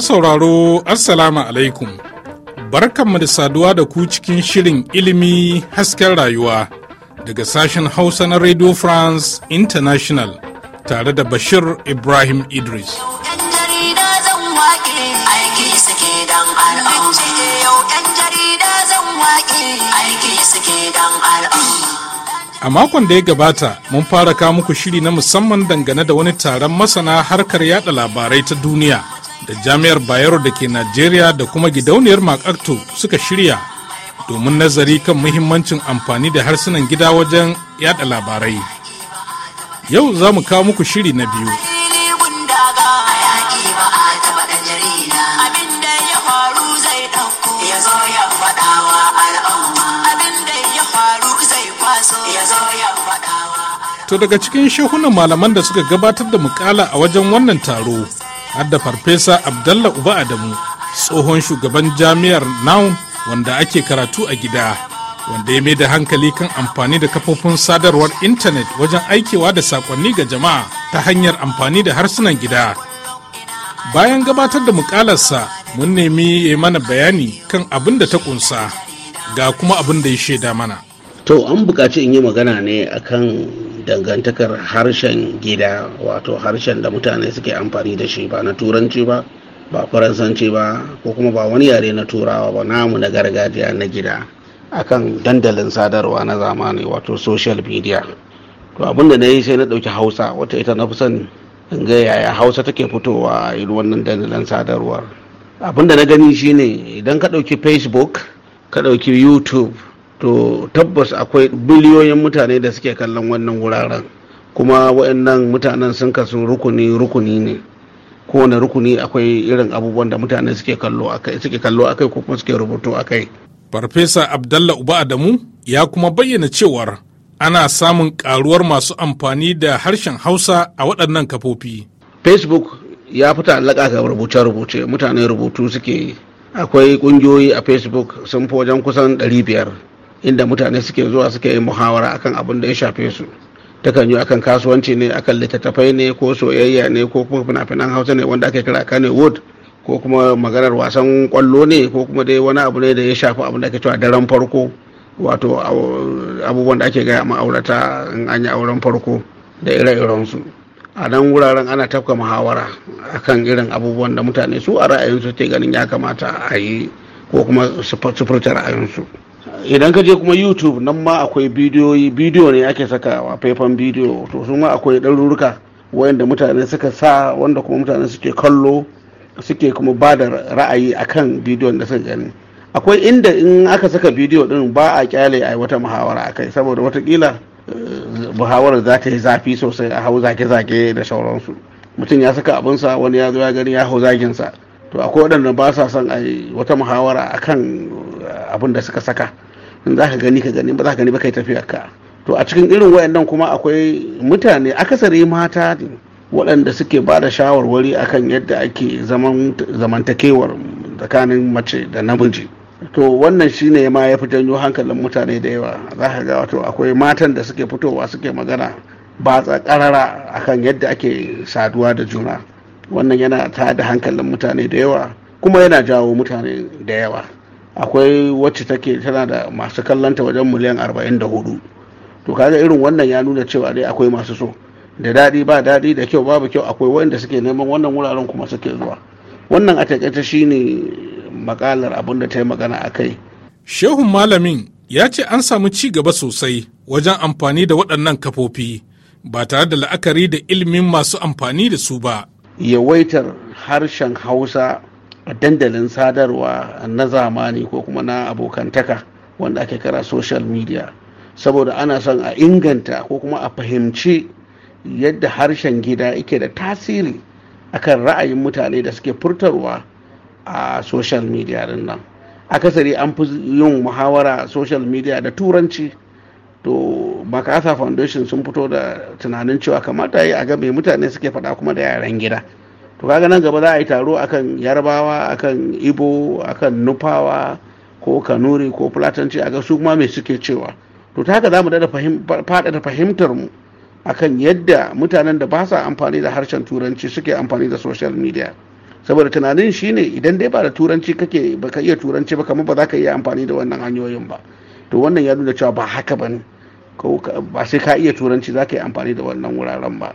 Masu sauraro Assalamu alaikum. Barkanmu da saduwa da ku cikin shirin ilimi hasken rayuwa daga sashen Hausa na Radio France International tare da Bashir Ibrahim Idris. A makon da ya gabata mun fara kawo muku shiri na musamman dangane da wani taron masana harkar yada labarai ta duniya da jami'ar bayero da ke najeriya da kuma gidauniyar makarto suka shirya domin nazari kan muhimmancin amfani da harsunan gida wajen yada labarai yau za mu kawo muku shiri na biyu To daga cikin shehunan malaman da suka gabatar da mukala a wajen wannan taro hadda farfesa abdallah uba adamu tsohon shugaban jami'ar noun wanda ake karatu a gida wanda ya mai da hankali kan amfani da kafofin sadarwar intanet wajen aikewa da sakonni ga jama'a ta hanyar amfani da harsunan gida bayan gabatar da mukalarsa mun nemi ya mana bayani kan abin da ta kunsa ga kuma abin da ya shaida mana to an bukaci in yi magana ne akan dangantakar harshen gida wato harshen da mutane suke amfani da shi ba na turanci ba ba faransanci ba ko kuma ba wani yare na turawa ba namu na gargajiya na gida akan dandalin sadarwa na zamani wato social media to abin da na yi sai na ɗauki hausa wata ita na fi son in ga yaya hausa take fitowa a irin wannan dandalin sadarwar abin da na gani shine idan ka ɗauki facebook ka ɗauki youtube to tabbas akwai biliyoyin mutane da suke kallon wannan wuraren kuma waɗannan mutanen sun kasu rukuni rukuni ne kowane rukuni akwai irin abubuwan da mutane suke kallo akai suke kallo akai ko kuma suke rubutu akai farfesa abdalla uba adamu ya kuma bayyana cewar ana samun karuwar masu amfani da harshen hausa a waɗannan kafofi facebook ya fi ta'allaka ga rubuce-rubuce mutane rubutu suke yi, akwai ƙungiyoyi a facebook sun fi wajen kusan 500 inda mutane suke zuwa suke yi muhawara akan abin da ya shafe su takan yi akan kasuwanci ne akan littattafai ne ko soyayya ne ko kuma fina-finan hausa ne wanda ake kira kane wood ko kuma maganar wasan kwallo ne ko kuma dai wani abu ne da ya shafi abin da ake cewa daren farko wato abubuwan da ake gaya ma'aurata in an yi auren farko da ire-irensu a nan wuraren ana tafka muhawara akan irin abubuwan da mutane su a ra'ayinsu ke ganin ya kamata a yi ko kuma su furta ra'ayinsu idan ka je kuma youtube nan ma akwai bidiyoyi bidiyo ne ake sakawa faifan bidiyo to su ma akwai ɗarurruka wayanda mutane suka sa wanda kuma mutane suke kallo suke kuma ba da ra'ayi akan bidiyon da suka gani akwai inda in aka saka bidiyo din ba a kyale a wata muhawara akai saboda watakila eh, muhawarar za ta yi zafi sosai a hau zage-zage da sauransu mutum ya saka abinsa wani ya zo ya gani ya hau zaginsa to akwai waɗanda ba sa son a wata muhawara akan eh, abin da suka saka in za ka gani ka gani ba za ka gani ba kai tafiya ka to a cikin irin wayannan kuma akwai mutane akasari mata ne waɗanda suke ba da shawarwari akan yadda ake zamantakewar tsakanin mace da namiji to wannan shine ma ya fi janyo hankalin mutane da yawa za ka ga wato akwai matan da suke fitowa suke magana ba karara akan yadda ake saduwa da juna wannan yana ta hankalin mutane da yawa kuma yana jawo mutane da yawa akwai wacce take tana da masu kallonta wajen miliyan 44 to kaga irin wannan ya nuna cewa dai akwai masu so da daɗi ba daɗi da kyau babu kyau akwai wanda suke neman wannan wuraren kuma suke zuwa wannan a taƙaita shine makalar abin da ta yi magana a kai shehun malamin ya ce an samu ci gaba sosai wajen amfani da waɗannan kafofi ba tare da la'akari da ilimin masu amfani da su ba yawaitar harshen hausa A dandalin sadarwa na zamani ko kuma na abokantaka wanda ake kira social media saboda ana son a inganta ko kuma a fahimci yadda harshen gida yake da tasiri akan ra'ayin mutane da suke furtarwa a social media din nan akasari an fi yin muhawara a social media da turanci to makasa foundation sun fito da tunanin cewa kamata yi a ga me mutane suke faɗa kuma da yaren gida to kaga nan gaba za a yi taro akan yarbawa akan ibo akan nufawa ko kanuri ko fulatanci a gasu kuma mai suke cewa to ta haka za mu fahimtar mu akan yadda mutanen da ba sa amfani da harshen turanci suke amfani da social media saboda tunanin shine idan dai ba da turanci kake baka iya turanci ba kamar ba za ka iya amfani da wannan hanyoyin ba to wannan ya nuna cewa ba haka ba ne ba sai ka iya turanci za ka yi amfani da wannan wuraren ba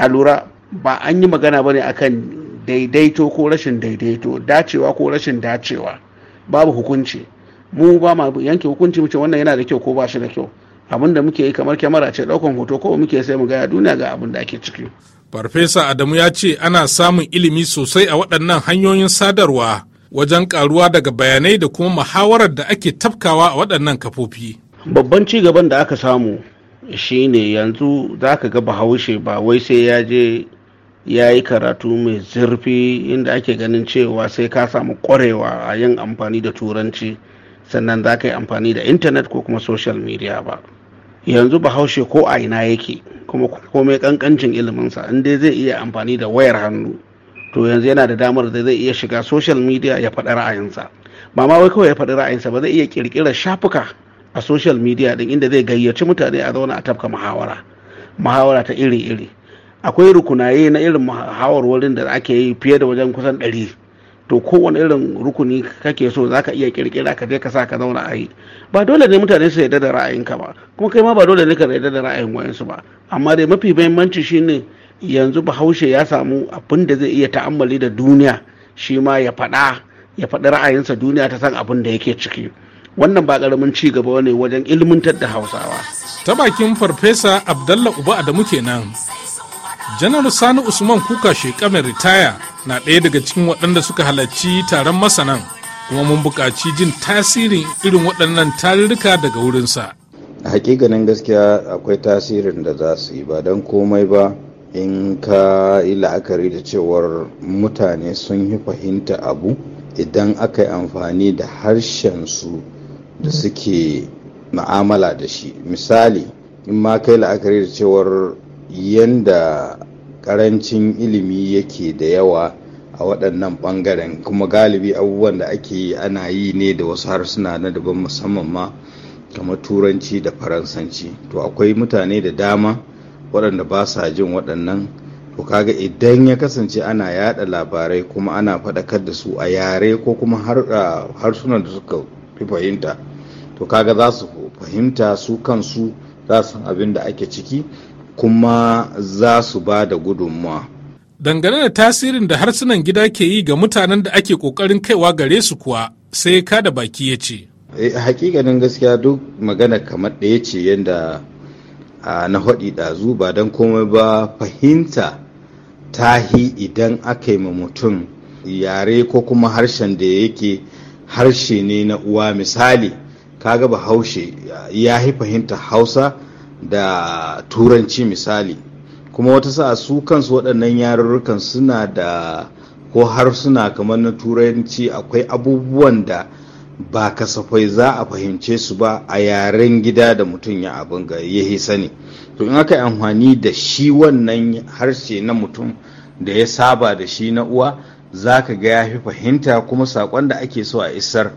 a lura ba an yi magana ba ne akan daidaito ko rashin daidaito dacewa ko rashin dacewa babu hukunci mu ba ma yanke hukunci mu ce wannan yana da kyau ko ba shi da kyau abin da muke yi kamar kyamara ce daukan hoto ko muke sai mu gaya duniya ga abin da ake ciki farfesa adamu ya ce ana samun ilimi sosai a waɗannan hanyoyin sadarwa wajen karuwa daga bayanai da kuma muhawarar da ake tafkawa a waɗannan kafofi babban ci gaban da aka samu shine yanzu za ka ga bahaushe ba wai sai ya je ya yi karatu mai zurfi inda ake ganin cewa sai ka samu kwarewa a yin amfani da turanci sannan za ka yi amfani da intanet ko kuma social media ba yanzu bahaushe ko a ina yake kuma komai ƙanƙancin iliminsa in dai zai iya amfani da wayar hannu to yanzu yana da damar da zai iya shiga social media ya faɗi ra'ayinsa ba ma wai kawai ya faɗi ra'ayinsa ba zai iya ƙirƙirar shafuka a social media din inda zai gayyaci mutane a zauna a tafka muhawara muhawara ta iri-iri akwai rukunaye na irin hawarwarin da ake yi fiye da wajen kusan ɗari to kowane irin rukuni kake so za ka iya kirkira ka je ka sa ka zauna a ba dole ne mutane su yarda da ra'ayinka ba kuma kai ma ba dole ne ka yarda da ra'ayin wayansu ba amma dai mafi muhimmanci shine yanzu bahaushe ya samu abin da zai iya ta'ammali da duniya shi ma ya faɗa ya faɗi ra'ayinsa duniya ta san abin da yake ciki wannan ba ƙaramin ci gaba ne wajen ilmantar da hausawa ta bakin farfesa abdallah uba adamu kenan janar sani usman kuka shekamin ritaya na ɗaya daga cikin waɗanda suka halarci taron masanan kuma mun buƙaci jin tasirin irin waɗannan tarurruka daga wurinsa a hakikanin gaskiya akwai tasirin da za su yi ba don komai ba in ka yi la'akari da cewar mutane sun yi fahimta abu idan aka yi amfani da harshen su da suke ma'amala da shi misali in ma ka yi la'akari da cewar yanda karancin ilimi yake da yawa a waɗannan ɓangaren kuma galibi abubuwan da ake yi ana yi ne da wasu harsuna na daban musamman ma kamar turanci da faransanci to akwai mutane da dama waɗanda ba sa jin waɗannan to kaga idan ya kasance ana yada labarai kuma ana faɗakar da su a yare ko kuma harsunan da suka fi fahimta to kaga za su fahimta su kansu za su abin da ake ciki kuma za su ba da gudunmuwa. Dangane da tasirin da harsunan gida ke yi ga mutanen da ake ƙoƙarin kaiwa gare su kuwa sai ka da baki ya ce. Eh, hakikanin gaskiya duk magana kamar ɗaya ce yadda na haɗi ɗazu ba don komai ba fahimta tahi idan aka yi ma mutum yare ko kuma harshen da yake harshe ne na uwa misali kaga bahaushe ya yi fahimta hausa da turanci misali kuma wata sa su kansu waɗannan yarurrukan suna da ko har suna kamar na turanci akwai abubuwan da ba kasafai za a fahimce su ba a yaren gida da mutum ya abin ga ya sani to in aka yi amfani da shi wannan harshe na mutum da ya saba da shi na uwa za ka ga ya fi fahimta kuma saƙon da ake so a isar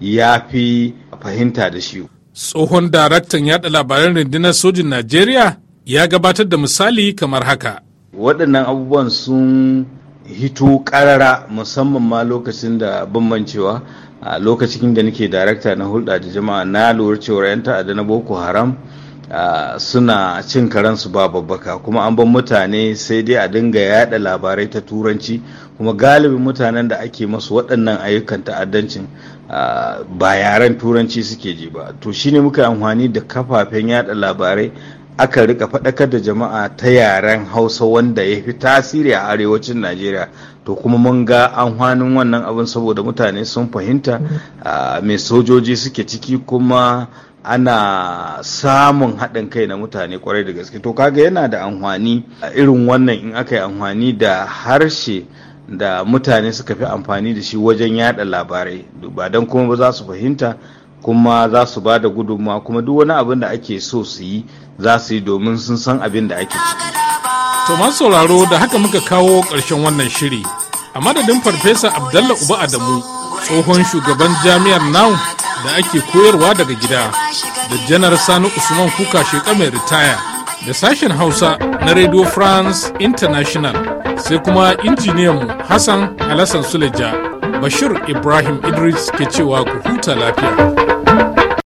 ya fi fahimta da shi tsohon daraktan yada labaran rundunar sojin najeriya ya gabatar da misali kamar haka waɗannan abubuwan sun hito ƙarara musamman ma lokacin da bambancewa a lokacin da nake darakta na hulɗa da jama'a na lura cewa 'yan ta'adda na boko haram suna cin karansu ba babbaka kuma an ban mutane sai dai a dinga yada labarai ta turanci kuma galibin mutanen da ake masu waɗannan ayyukan ta'addancin ba yaren turanci suke ji ba to shine muka yi amfani da kafafen yada labarai aka rika faɗakar da jama'a ta yaren hausa wanda ya fi tasiri a arewacin najeriya to kuma mun ga an wannan abin saboda mutane sun fahimta mai sojoji suke ciki kuma ana samun haɗin kai na mutane kwarai da gaske to kaga yana da amfani irin wannan in aka yi amfani da harshe da mutane suka fi amfani da shi wajen yada labarai ba don kuma ba za su fahimta kuma za su ba da gudunmawa kuma duk wani abin da ake so su yi za su yi domin sun san abin da ake to masu sauraro da haka muka kawo ƙarshen wannan shiri a madadin farfesa abdallah uba adamu tsohon shugaban jami'ar nau da ake koyarwa daga gida da janar sani usman kuka shekar mai ritaya da sashen hausa na radio france international sai kuma mu Hassan Alassan Suleja Bashir Ibrahim Idris ke cewa ku huta lafiya.